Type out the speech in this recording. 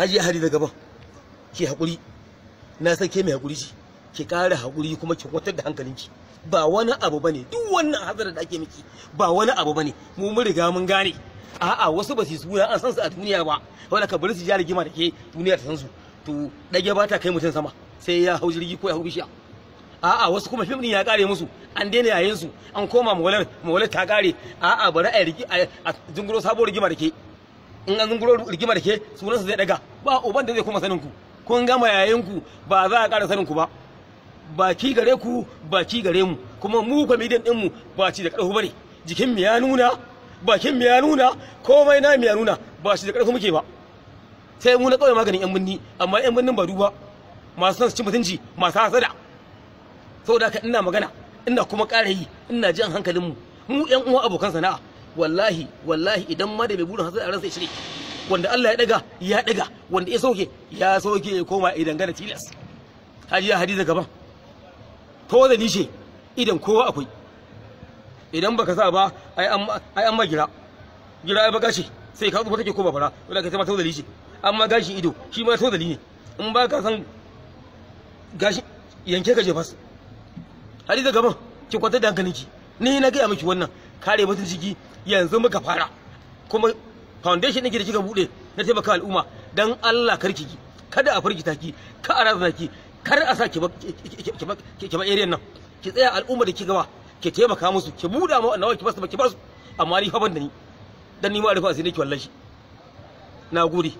haji hari da gaban ki hakuri na san ke mai hakuri ce ki ƙara hakuri kuma ki kwatar da hankalinki ba wani abu bane duk wannan hazarar da ake miki ba wani abu bane mu mun riga mun gane a'a wasu ba su suna an san su a duniya ba wanda ka bari su ja rigima da ke duniya ta san su to dage bata kai mutum sama sai ya hau jirgi ko ya hau bishiya a'a wasu kuma fim ya kare musu an daina yayin su an koma mawalar mawalar ta kare a'a bari a rigi a jingiro sabon rigima da ke in an zunguro rigima da ke sunansa zai daga ba uban da zai kuma saninku ku kun gama yayin ku ba za a kara saninku ku ba baki gare ku baki gare mu kuma mu comedian din ba ci da karfi bane jikin mu ya nuna bakin mu ya nuna komai na mu ya nuna ba shi da karfi muke ba sai mu na kawai maganin yan binni amma yan binnin ba duba masu son su ci mutunci masu hasada saboda haka ina magana ina kuma ƙara yi ina jan hankalin mu mu yan uwa abokan sana'a wallahi wallahi idan ma da mai burin hasada a ransa ya shirye wanda Allah ya daga ya daga wanda ya soke ya soke ya koma idan gana tilas hajiya hadiza gaban to da nishe idan kowa akwai idan baka sa ba ai an ai an ma gira gira ai baka ce sai ka tsufa take ko babara wanda ka ce ma to da nishe amma gashi ido shi ma to ne in ba ka san gashi yanke ka je fas hadiza gaban ki kwata da hankalinki ni na ga miki wannan kare mutunci yanzu muka fara kuma foundation ɗin da kika buɗe na taimaka al'umma dan Allah karki ki kada a firgita ki ka a razana ki kar a sa ki ba area nan ki tsaya al'umma da ki gaba ki taimaka musu ki buɗa ma wannan ki basu ki basu amma ni fa ban da ni dan ni ma rufa asiri ki wallahi na gudi.